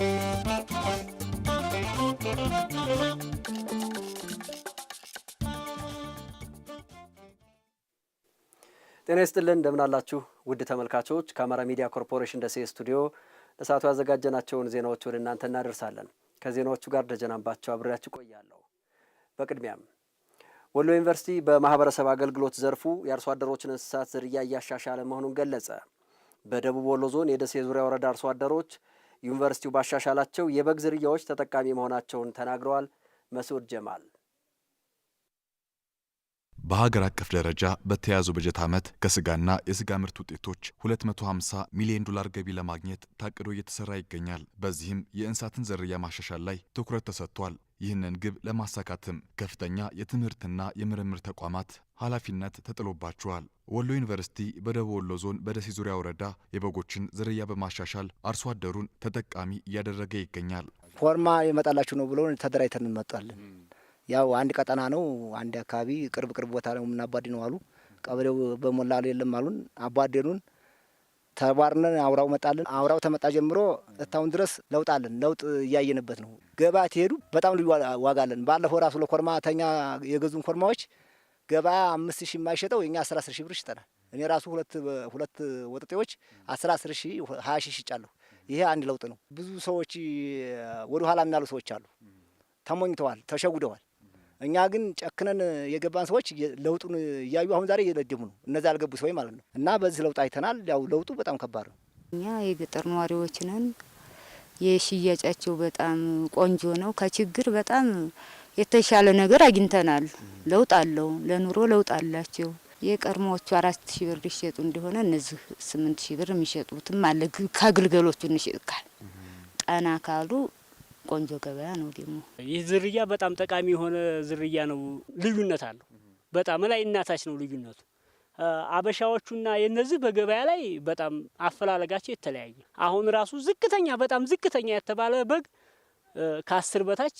ጤና ይስጥልን እንደምናላችሁ ውድ ተመልካቾች፣ ከአማራ ሚዲያ ኮርፖሬሽን ደሴ ስቱዲዮ ለሰዓቱ ያዘጋጀናቸውን ዜናዎች ወደ እናንተ እናደርሳለን። ከዜናዎቹ ጋር ደጀናባቸው አብሬያችሁ ቆያለሁ። በቅድሚያም ወሎ ዩኒቨርሲቲ በማህበረሰብ አገልግሎት ዘርፉ የአርሶ አደሮችን እንስሳት ዝርያ እያሻሻለ መሆኑን ገለጸ። በደቡብ ወሎ ዞን የደሴ ዙሪያ ወረዳ አርሶ አደሮች ዩኒቨርሲቲው ባሻሻላቸው የበግ ዝርያዎች ተጠቃሚ መሆናቸውን ተናግረዋል። መስዑድ ጀማል በሀገር አቀፍ ደረጃ በተያዙ በጀት ዓመት ከስጋና የስጋ ምርት ውጤቶች 250 ሚሊዮን ዶላር ገቢ ለማግኘት ታቅዶ እየተሰራ ይገኛል። በዚህም የእንስሳትን ዝርያ ማሻሻል ላይ ትኩረት ተሰጥቷል። ይህንን ግብ ለማሳካትም ከፍተኛ የትምህርትና የምርምር ተቋማት ኃላፊነት ተጥሎባቸዋል። ወሎ ዩኒቨርሲቲ በደቡብ ወሎ ዞን በደሴ ዙሪያ ወረዳ የበጎችን ዝርያ በማሻሻል አርሶ አደሩን ተጠቃሚ እያደረገ ይገኛል። ፎርማ የመጣላችሁ ነው ብሎ ተደራጅተን እንመጣለን። ያው አንድ ቀጠና ነው፣ አንድ አካባቢ ቅርብ ቅርብ ቦታ ነው የምናባድ ነው አሉ። ቀበሌው በሞላሉ የለም አሉን። አባዴኑን ተባርነን አውራው መጣልን አውራው ተመጣ ጀምሮ እታውን ድረስ ለውጥ አለን። ለውጥ እያየንበት ነው። ገበያ ትሄዱ በጣም ልዩ ዋጋ አለን። ባለፈው ራሱ ለኮርማ ተኛ የገዙን ኮርማዎች ገበያ አምስት ሺ የማይሸጠው የኛ አስራ አስር ሺ ብር ሽጠናል። እኔ ራሱ ሁለት ሁለት ወጠጤዎች አስራ አስር ሺ ሀያ ሺ ሽጫለሁ። ይሄ አንድ ለውጥ ነው። ብዙ ሰዎች ወደ ኋላ የሚያሉ ሰዎች አሉ። ተሞኝተዋል፣ ተሸጉደዋል። እኛ ግን ጨክነን የገባን ሰዎች ለውጡን እያዩ አሁን ዛሬ እየደደሙ ነው፣ እነዛ ያልገቡ ሰዎች ማለት ነው። እና በዚህ ለውጥ አይተናል። ያው ለውጡ በጣም ከባድ ነው። እኛ የገጠር ነዋሪዎች ነን። የሽያጫቸው በጣም ቆንጆ ነው። ከችግር በጣም የተሻለ ነገር አግኝተናል። ለውጥ አለው። ለኑሮ ለውጥ አላቸው። የቀድሞዎቹ አራት ሺ ብር ይሸጡ እንደሆነ እነዚህ ስምንት ሺ ብር የሚሸጡትም አለ። ከአገልገሎቹ እንሸጥካል ጠና ካሉ ቆንጆ ገበያ ነው። ደግሞ ይህ ዝርያ በጣም ጠቃሚ የሆነ ዝርያ ነው። ልዩነት አለው በጣም ላይ እናታች ነው ልዩነቱ። አበሻዎቹና የነዚህ በገበያ ላይ በጣም አፈላለጋቸው የተለያየ። አሁን ራሱ ዝቅተኛ በጣም ዝቅተኛ የተባለ በግ ከአስር በታች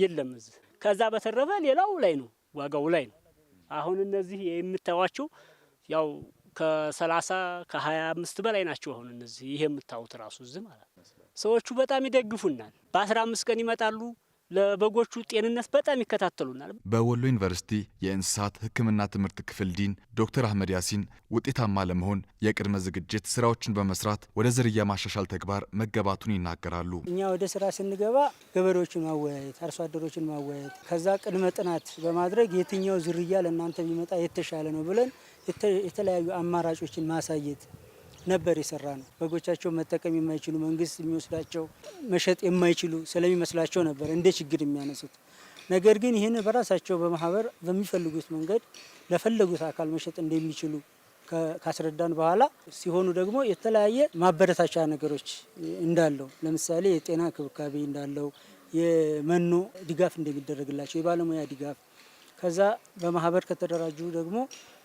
የለም እዚህ። ከዛ በተረፈ ሌላው ላይ ነው ዋጋው ላይ ነው። አሁን እነዚህ የምታዋቸው ያው ከሰላሳ ከሀያ አምስት በላይ ናቸው። አሁን እነዚህ ይሄ የምታዩት ራሱ እዚህ ማለት ነው ሰዎቹ በጣም ይደግፉናል። በአስራ አምስት ቀን ይመጣሉ። ለበጎቹ ጤንነት በጣም ይከታተሉናል። በወሎ ዩኒቨርሲቲ የእንስሳት ሕክምና ትምህርት ክፍል ዲን ዶክተር አህመድ ያሲን ውጤታማ ለመሆን የቅድመ ዝግጅት ስራዎችን በመስራት ወደ ዝርያ ማሻሻል ተግባር መገባቱን ይናገራሉ። እኛ ወደ ስራ ስንገባ ገበሬዎችን ማወያየት፣ አርሶ አደሮችን ማወያየት፣ ከዛ ቅድመ ጥናት በማድረግ የትኛው ዝርያ ለእናንተ ቢመጣ የተሻለ ነው ብለን የተለያዩ አማራጮችን ማሳየት ነበር የሰራ ነው። በጎቻቸው መጠቀም የማይችሉ መንግስት የሚወስዳቸው መሸጥ የማይችሉ ስለሚመስላቸው ነበር እንደ ችግር የሚያነሱት። ነገር ግን ይህን በራሳቸው በማህበር በሚፈልጉት መንገድ ለፈለጉት አካል መሸጥ እንደሚችሉ ካስረዳን በኋላ ሲሆኑ ደግሞ የተለያየ ማበረታቻ ነገሮች እንዳለው ለምሳሌ የጤና ክብካቤ እንዳለው፣ የመኖ ድጋፍ እንደሚደረግላቸው፣ የባለሙያ ድጋፍ ከዛ በማህበር ከተደራጁ ደግሞ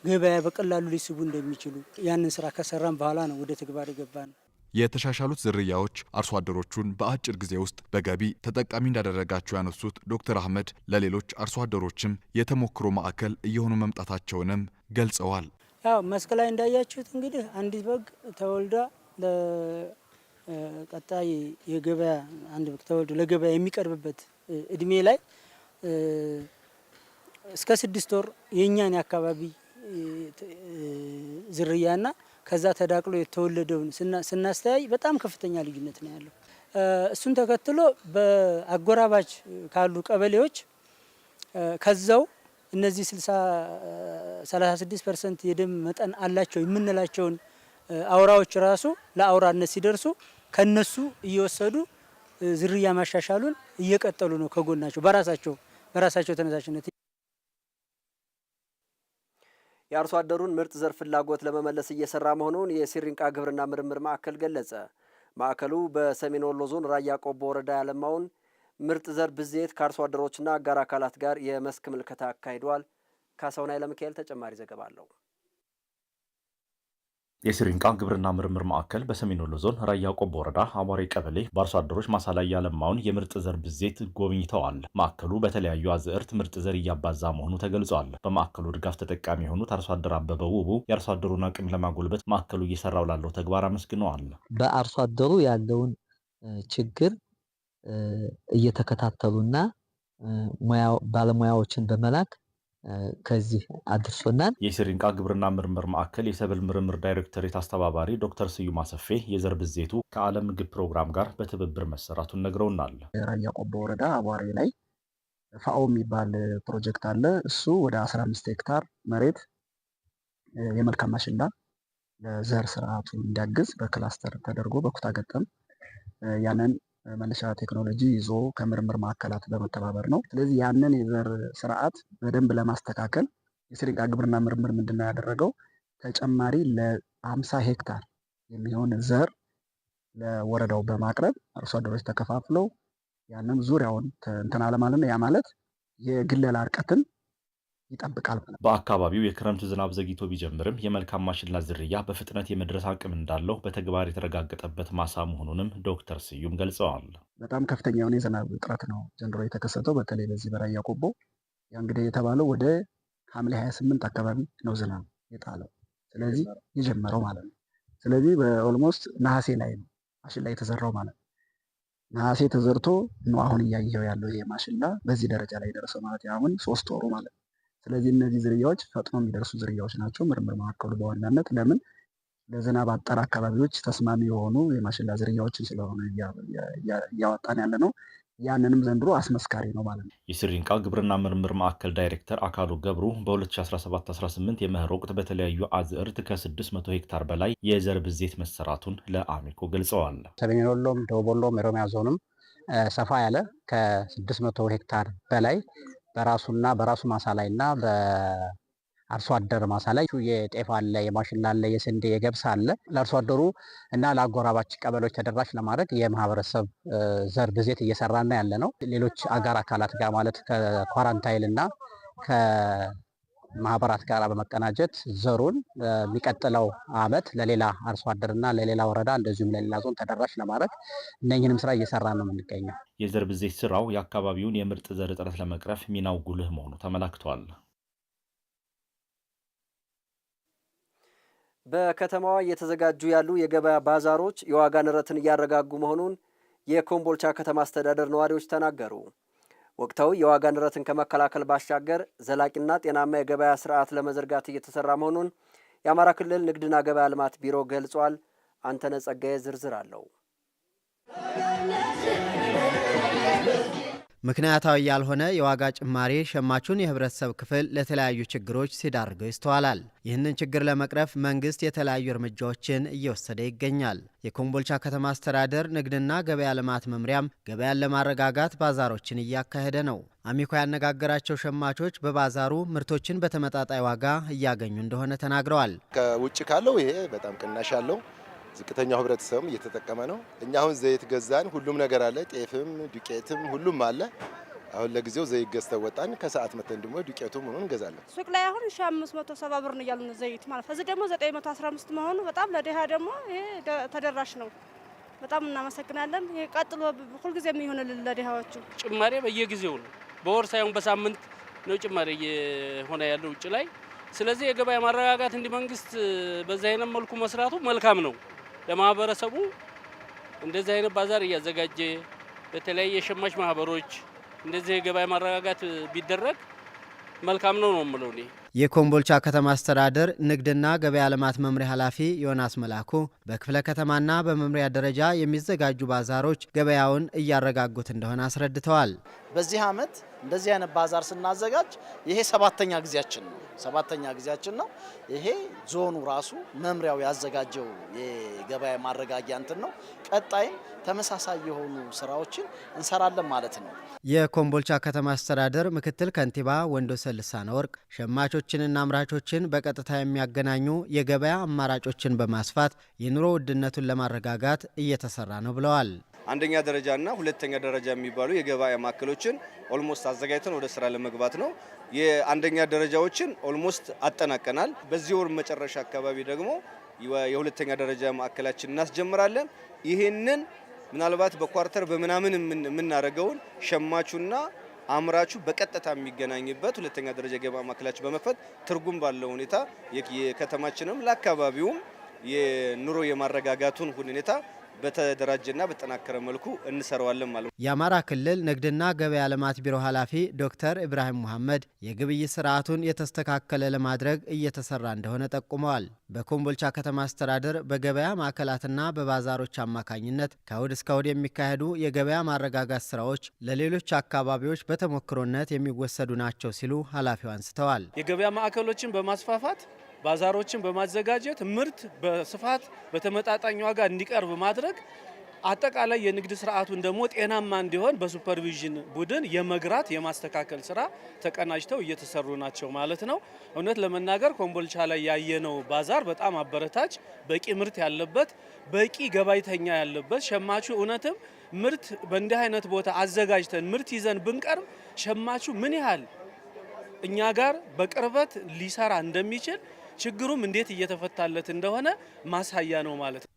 ገበያ በቀላሉ ሊስቡ እንደሚችሉ ያንን ስራ ከሰራን በኋላ ነው ወደ ተግባር የገባ ነው። የተሻሻሉት ዝርያዎች አርሶ አደሮቹን በአጭር ጊዜ ውስጥ በገቢ ተጠቃሚ እንዳደረጋቸው ያነሱት ዶክተር አህመድ ለሌሎች አርሶ አደሮችም የተሞክሮ ማዕከል እየሆኑ መምጣታቸውንም ገልጸዋል። ያው መስክ ላይ እንዳያችሁት እንግዲህ አንዲት በግ ተወልዳ ለቀጣይ የገበያ አንድ በግ ተወልዶ ለገበያ የሚቀርብበት እድሜ ላይ እስከ ስድስት ወር የእኛን የአካባቢ ዝርያና ከዛ ተዳቅሎ የተወለደውን ስናስተያይ በጣም ከፍተኛ ልዩነት ነው ያለው። እሱን ተከትሎ በአጎራባች ካሉ ቀበሌዎች ከዛው እነዚህ 36 ፐርሰንት የደም መጠን አላቸው የምንላቸውን አውራዎች ራሱ ለአውራነት ሲደርሱ ከነሱ እየወሰዱ ዝርያ ማሻሻሉን እየቀጠሉ ነው። ከጎናቸው በራሳቸው በራሳቸው ተነሳሽነት የአርሶ አደሩን ምርጥ ዘር ፍላጎት ለመመለስ እየሰራ መሆኑን የሲሪንቃ ግብርና ምርምር ማዕከል ገለጸ። ማዕከሉ በሰሜን ወሎ ዞን ራያ ቆቦ ወረዳ ያለማውን ምርጥ ዘር ብዜት ከአርሶ አደሮችና አጋር አካላት ጋር የመስክ ምልከታ አካሂዷል። ካሳሁን ሚካኤል ተጨማሪ ዘገባ አለው። የሲሪንቃ ግብርና ምርምር ማዕከል በሰሜን ወሎ ዞን ራያ ቆቦ ወረዳ አቧሬ ቀበሌ በአርሶ አደሮች ማሳ ላይ ያለማውን የምርጥ ዘር ብዜት ጎብኝተዋል። ማዕከሉ በተለያዩ አዝዕርት ምርጥ ዘር እያባዛ መሆኑ ተገልጿል። በማዕከሉ ድጋፍ ተጠቃሚ የሆኑት አርሶ አደር አበበ ውቡ የአርሶ አደሩን አቅም ለማጎልበት ማዕከሉ እየሰራው ላለው ተግባር አመስግነዋል። በአርሶ አደሩ ያለውን ችግር እየተከታተሉና ባለሙያዎችን በመላክ ከዚህ አድርሶናል። የሲሪንቃ ግብርና ምርምር ማዕከል የሰብል ምርምር ዳይሬክተሬት አስተባባሪ ዶክተር ስዩም አሰፌ የዘር ብዜቱ ከዓለም ምግብ ፕሮግራም ጋር በትብብር መሰራቱን ነግረውናል። ራያ ቆቦ ወረዳ አቧሬ ላይ ፋኦ የሚባል ፕሮጀክት አለ። እሱ ወደ 15 ሄክታር መሬት የመልካም ማሽላ ለዘር ስርዓቱ እንዲያግዝ በክላስተር ተደርጎ በኩታ ገጠም ያንን መነሻ ቴክኖሎጂ ይዞ ከምርምር ማዕከላት በመተባበር ነው። ስለዚህ ያንን የዘር ስርዓት በደንብ ለማስተካከል የስሪቃ ግብርና ምርምር ምንድን ነው ያደረገው? ተጨማሪ ለአምሳ ሄክታር የሚሆን ዘር ለወረዳው በማቅረብ አርሶ አደሮች ተከፋፍለው ያንን ዙሪያውን እንትን አለ ነው። ያ ማለት የግለላ እርቀትን ይጠብቃል። በአካባቢው የክረምት ዝናብ ዘግይቶ ቢጀምርም የመልካም ማሽላ ዝርያ በፍጥነት የመድረስ አቅም እንዳለው በተግባር የተረጋገጠበት ማሳ መሆኑንም ዶክተር ስዩም ገልጸዋል። በጣም ከፍተኛ የሆነ የዝናብ እጥረት ነው ዘንድሮ የተከሰተው። በተለይ በዚህ በራያ ቆቦ ያ እንግዲህ የተባለው ወደ ሐምሌ 28 አካባቢ ነው ዝናብ የጣለው ስለዚህ የጀመረው ማለት ነው። ስለዚህ በኦልሞስት ነሐሴ ላይ ነው ማሽላ የተዘራው ማለት ነው። ነሐሴ ተዘርቶ ነው አሁን እያየው ያለው ይሄ ማሽላ በዚህ ደረጃ ላይ ደረሰው ማለት አሁን ሶስት ወሩ ማለት ነው። ስለዚህ እነዚህ ዝርያዎች ፈጥኖ የሚደርሱ ዝርያዎች ናቸው። ምርምር ማዕከሉ በዋናነት ለምን ለዝናብ አጠር አካባቢዎች ተስማሚ የሆኑ የማሽላ ዝርያዎችን ስለሆነ እያወጣን ያለ ነው። ያንንም ዘንድሮ አስመስካሪ ነው ማለት ነው። የስሪንቃ ግብርና ምርምር ማዕከል ዳይሬክተር አካሉ ገብሩ በ2017/18 የመኸር ወቅት በተለያዩ አዝዕርት ከ600 ሄክታር በላይ የዘር ብዜት መሰራቱን ለአሚኮ ገልጸዋል። ሰሜን ወሎም፣ ደቡብ ወሎም፣ ኦሮሚያ ዞንም ሰፋ ያለ ከ600 ሄክታር በላይ በራሱና በራሱ ማሳ ላይ እና በአርሶ አደር ማሳ ላይ የጤፍ አለ፣ የማሽላ አለ፣ የስንዴ የገብስ አለ። ለአርሶ አደሩ እና ለአጎራባች ቀበሌዎች ተደራሽ ለማድረግ የማህበረሰብ ዘር ብዜት እየሰራና ያለ ነው። ሌሎች አጋር አካላት ጋር ማለት ከኳራንታይል እና ማህበራት ጋር በመቀናጀት ዘሩን የሚቀጥለው አመት ለሌላ አርሶ አደርና ለሌላ ወረዳ እንደዚሁም ለሌላ ዞን ተደራሽ ለማድረግ እነኝህንም ስራ እየሰራ ነው የምንገኘው። የዘር ብዜት ስራው የአካባቢውን የምርጥ ዘር እጥረት ለመቅረፍ ሚናው ጉልህ መሆኑ ተመላክቷል። በከተማዋ እየተዘጋጁ ያሉ የገበያ ባዛሮች የዋጋ ንረትን እያረጋጉ መሆኑን የኮምቦልቻ ከተማ አስተዳደር ነዋሪዎች ተናገሩ። ወቅታዊ የዋጋ ንረትን ከመከላከል ባሻገር ዘላቂና ጤናማ የገበያ ስርዓት ለመዘርጋት እየተሰራ መሆኑን የአማራ ክልል ንግድና ገበያ ልማት ቢሮ ገልጿል። አንተነ ጸጋዬ ዝርዝር አለው። ምክንያታዊ ያልሆነ የዋጋ ጭማሪ ሸማቹን የህብረተሰብ ክፍል ለተለያዩ ችግሮች ሲዳርገው ይስተዋላል። ይህንን ችግር ለመቅረፍ መንግስት የተለያዩ እርምጃዎችን እየወሰደ ይገኛል። የኮምቦልቻ ከተማ አስተዳደር ንግድና ገበያ ልማት መምሪያም ገበያን ለማረጋጋት ባዛሮችን እያካሄደ ነው። አሚኮ ያነጋገራቸው ሸማቾች በባዛሩ ምርቶችን በተመጣጣኝ ዋጋ እያገኙ እንደሆነ ተናግረዋል። ከውጭ ካለው ይሄ በጣም ቅናሽ አለው ዝቅተኛው ህብረተሰብም እየተጠቀመ ነው። እኛ አሁን ዘይት ገዛን፣ ሁሉም ነገር አለ፣ ጤፍም ዱቄትም ሁሉም አለ። አሁን ለጊዜው ዘይት ገዝተ ወጣን። ከሰዓት መተን ደግሞ ዱቄቱ ምኑን እንገዛለን። ሱቅ ላይ አሁን ሺ አምስት መቶ ሰባ ብር ነው እያሉ ዘይት ማለት እዚህ ደግሞ ዘጠኝ መቶ አስራ አምስት መሆኑ በጣም ለድሃ ደግሞ ይሄ ተደራሽ ነው። በጣም እናመሰግናለን። ይሄ ቀጥሎ ሁልጊዜ የሚሆንልን ለድሃዎቹ። ጭማሬ በየጊዜው ነው፣ በወር ሳይሆን በሳምንት ነው ጭማሬ እየሆነ ያለው ውጭ ላይ። ስለዚህ የገበያ ማረጋጋት እንዲህ መንግስት በዚህ አይነት መልኩ መስራቱ መልካም ነው። ለማህበረሰቡ እንደዚህ አይነት ባዛር እያዘጋጀ በተለያየ የሸማች ማህበሮች እንደዚህ የገበያ ማረጋጋት ቢደረግ መልካም ነው ነው የምለው እኔ። የኮምቦልቻ ከተማ አስተዳደር ንግድና ገበያ ልማት መምሪያ ኃላፊ ዮናስ መላኩ በክፍለ ከተማና በመምሪያ ደረጃ የሚዘጋጁ ባዛሮች ገበያውን እያረጋጉት እንደሆነ አስረድተዋል። በዚህ ዓመት እንደዚህ አይነት ባዛር ስናዘጋጅ ይሄ ሰባተኛ ጊዜያችን ነው። ሰባተኛ ጊዜያችን ነው። ይሄ ዞኑ ራሱ መምሪያው ያዘጋጀው የገበያ ማረጋጊያ እንትን ነው። ቀጣይም ተመሳሳይ የሆኑ ስራዎችን እንሰራለን ማለት ነው። የኮምቦልቻ ከተማ አስተዳደር ምክትል ከንቲባ ወንዶሰን ልሳነ ወርቅ ሸማቾች አምራቾችንና አምራቾችን በቀጥታ የሚያገናኙ የገበያ አማራጮችን በማስፋት የኑሮ ውድነቱን ለማረጋጋት እየተሰራ ነው ብለዋል። አንደኛ ደረጃና ሁለተኛ ደረጃ የሚባሉ የገበያ ማዕከሎችን ኦልሞስት አዘጋጅተን ወደ ስራ ለመግባት ነው። የአንደኛ ደረጃዎችን ኦልሞስት አጠናቀናል። በዚህ ወር መጨረሻ አካባቢ ደግሞ የሁለተኛ ደረጃ ማዕከላችን እናስጀምራለን። ይህንን ምናልባት በኳርተር በምናምን የምናደርገውን ሸማቹና አምራቹ በቀጥታ የሚገናኝበት ሁለተኛ ደረጃ ገበያ ማከላች በመክፈት ትርጉም ባለው ሁኔታ የከተማችንም ለአካባቢውም የኑሮ የማረጋጋቱን ሁኔታ በተደራጀና በተጠናከረ መልኩ እንሰራዋለን ማለት ነው። የአማራ ክልል ንግድና ገበያ ልማት ቢሮ ኃላፊ ዶክተር ኢብራሂም መሐመድ የግብይት ስርዓቱን የተስተካከለ ለማድረግ እየተሰራ እንደሆነ ጠቁመዋል። በኮምቦልቻ ከተማ አስተዳደር በገበያ ማዕከላትና በባዛሮች አማካኝነት ከእሁድ እስከ እሁድ የሚካሄዱ የገበያ ማረጋጋት ስራዎች ለሌሎች አካባቢዎች በተሞክሮነት የሚወሰዱ ናቸው ሲሉ ኃላፊው አንስተዋል። የገበያ ማዕከሎችን በማስፋፋት ባዛሮችን በማዘጋጀት ምርት በስፋት በተመጣጣኝ ዋጋ እንዲቀርብ ማድረግ አጠቃላይ የንግድ ስርዓቱን ደግሞ ጤናማ እንዲሆን በሱፐርቪዥን ቡድን የመግራት የማስተካከል ስራ ተቀናጅተው እየተሰሩ ናቸው ማለት ነው። እውነት ለመናገር ኮምቦልቻ ላይ ያየነው ባዛር በጣም አበረታች፣ በቂ ምርት ያለበት፣ በቂ ገባይተኛ ያለበት ሸማቹ እውነትም ምርት በእንዲህ አይነት ቦታ አዘጋጅተን ምርት ይዘን ብንቀርብ ሸማቹ ምን ያህል እኛ ጋር በቅርበት ሊሰራ እንደሚችል ችግሩም እንዴት እየተፈታለት እንደሆነ ማሳያ ነው ማለት ነው።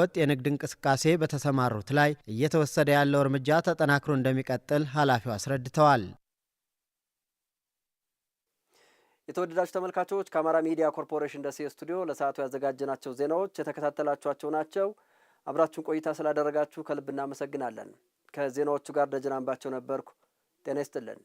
ወጥ የንግድ እንቅስቃሴ በተሰማሩት ላይ እየተወሰደ ያለው እርምጃ ተጠናክሮ እንደሚቀጥል ኃላፊው አስረድተዋል። የተወደዳችሁ ተመልካቾች ከአማራ ሚዲያ ኮርፖሬሽን ደሴ ስቱዲዮ ለሰዓቱ ያዘጋጀናቸው ዜናዎች የተከታተላችኋቸው ናቸው። አብራችሁን ቆይታ ስላደረጋችሁ ከልብ እናመሰግናለን። ከዜናዎቹ ጋር ደጀን ነበርኩ። ጤና ይስጥልን።